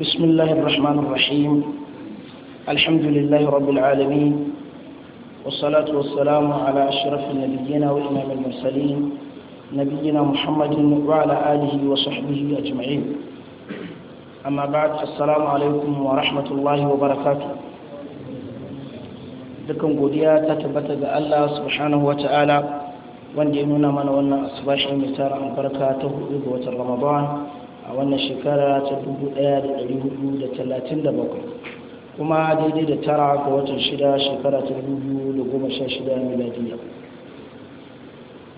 بسم الله الرحمن الرحيم الحمد لله رب العالمين والصلاة والسلام على أشرف النبيين وإمام المرسلين نبينا محمد وعلى آله وصحبه أجمعين أما بعد السلام عليكم ورحمة الله وبركاته لكم قدية تتبت الله سبحانه وتعالى subhanahu wa ta'ala wanda ya nuna mana wannan asibashi mai a wannan shekara ta 1437 kuma daidai da tara ga watan shida shekara ta 2016 miladiya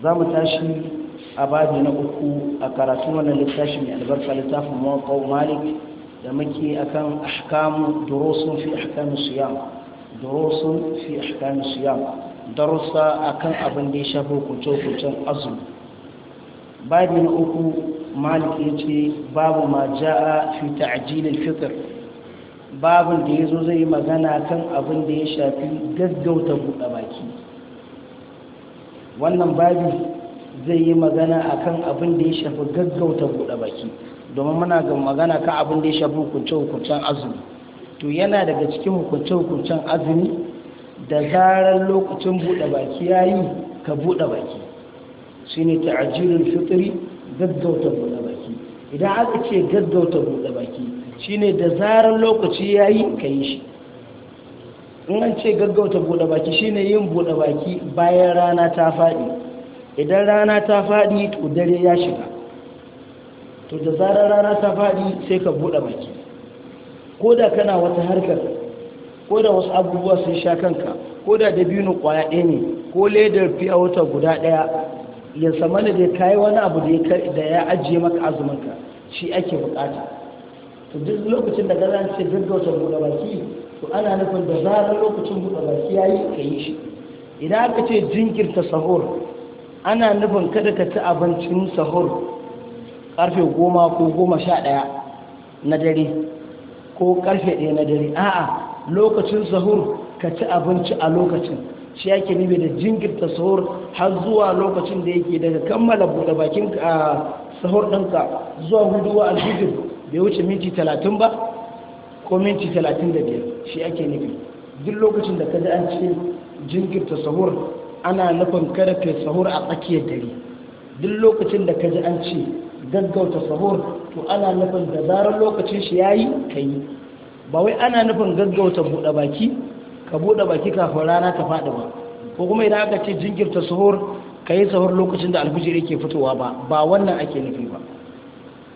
za mu tashi a babi na uku a karatun wannan littafi mai albarka littafin mawakau malik da muke akan ahkamu durusun fi ahkamu siyam durusun fi ahkamu siyam darussa akan abin da ya shafi hukuncen azumi babi na uku malik ya ce babu ma ja'a fi ta'jilil fitr babun da yazo zai magana kan abin da ya shafi gaggauta buɗe baki wannan babu zai yi magana akan abin da ya shafi gaggauta buɗe baki domin muna ga magana kan abin da ya shafi hukunce-hukuncen azumi to yana daga cikin hukunce-hukuncen azumi da zarar lokacin buɗe baki ya yi ka buɗe baki shine ta'jilul fitri gaggauta buɗe baki idan aka ce gaggauta buɗe baki shine da zarar lokaci ya yi ka yi shi in an ce gaggauta buɗe baki shine yin buɗe baki bayan rana ta faɗi idan rana ta faɗi to dare ya shiga to da zarar rana ta faɗi sai ka buɗe baki ko da kana wata harkar ko da wasu abubuwa sun sha kanka ko da dabino kwaya ɗaya ne ko ledar fiya wata guda ɗaya ya zama da kai wani abu da ya ajiye maka azuminka shi ake bukata to duk lokacin da gaza ce gaggauta buɗe baki to ana nufin da zarar lokacin buɗe baki yayi ka yi shi idan aka ce jinkirta sahur ana nufin kada ka ci abincin sahur karfe goma ko goma sha ɗaya na dare ko karfe ɗaya na dare a'a lokacin sahur ka ci abinci a lokacin shi yake nufi da jinkirta sahur har zuwa lokacin da yake daga kammala buɗe bakin sahur ɗinka zuwa huduwa alhijir bai wuce minti talatin ba ko minti talatin da biyar shi ake nufi duk lokacin da ka ji an ce jinkirta sahur ana nufin kada ka sahur a tsakiyar dare duk lokacin da ka ji an ce gaggauta sahur to ana nufin da zarar lokacin shi yayi kai ba wai ana nufin gaggauta buɗe baki ka buɗe baki kafin rana ta faɗi ba ko kuma idan aka ce jinkirta suhur, ka yi suhur lokacin da alfijir yake fitowa ba ba wannan ake nufi ba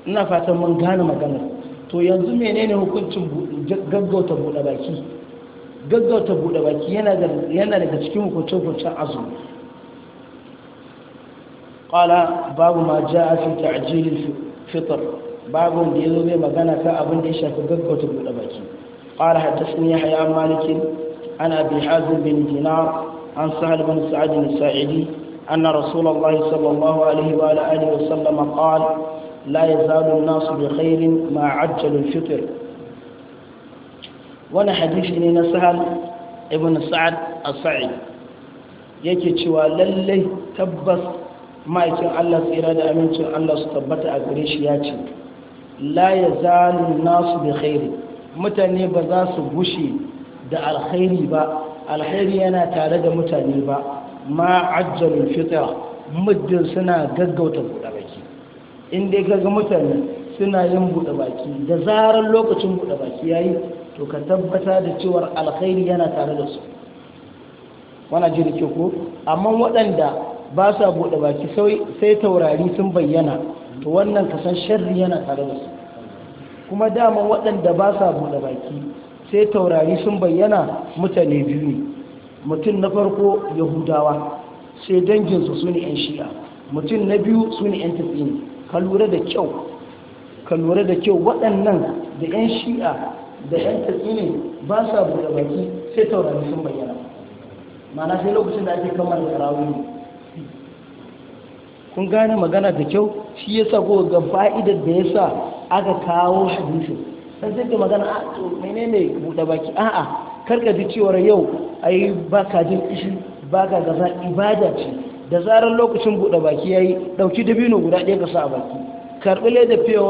ina fatan mun gane magana to yanzu menene hukuncin gaggauta buɗe baki gaggauta buɗe baki yana daga cikin hukuncin hukuncin azumi qala babu ma jaa fi ta'jil fitr babu da yazo mai magana kan abin da ya shafi gaggauta buɗe baki qala hadathani yahya malikin عن أبي حازم بن دينار عن سهل بن سعد الساعدي أن رسول الله صلى الله عليه وعلى آله وسلم قال لا يزال الناس بخير ما عجل الفطر وانا حديث لنا سهل ابن سعد الصعيد يكي شوى للي تبث ما يتم الله سيرادة أمين تم الله ستبت أقريش ياتي لا يزال الناس بخير متى نبذاس بوشي da alkhairi ba alkhairi yana tare da mutane ba ma ajjalul fitra muddin suna gaggauta buɗe baki in dai kaga mutane suna yin buɗe baki da zarar lokacin buɗe baki yayi to ka tabbata da cewa alkhairi yana tare da su wana ji da ko amma waɗanda ba sa buɗe baki sai taurari sun bayyana to wannan kasan sharri yana tare da su kuma dama waɗanda ba sa buɗe baki sai taurari sun bayyana mutane biyu ne mutum na farko yahudawa sai danginsu su ne 'yan shi'a mutum na biyu su ne 'yan tafiyin ka lura da kyau ka lura da kyau waɗannan da 'yan shi'a da 'yan ne ba sa buɗe baki sai taurari sun bayyana mana sai lokacin da ake kamar tarawih kun gane magana da kyau shi yasa ko ga fa'idar da yasa aka kawo hadisin sai sai ke magana a ah, to menene buɗe baki a'a karka ji cewar yau ai baka jin ba baka gaza ibada ce da zarar lokacin buɗe baki yayi dauki dabino guda ɗaya ka sa a baki karɓi leda fiye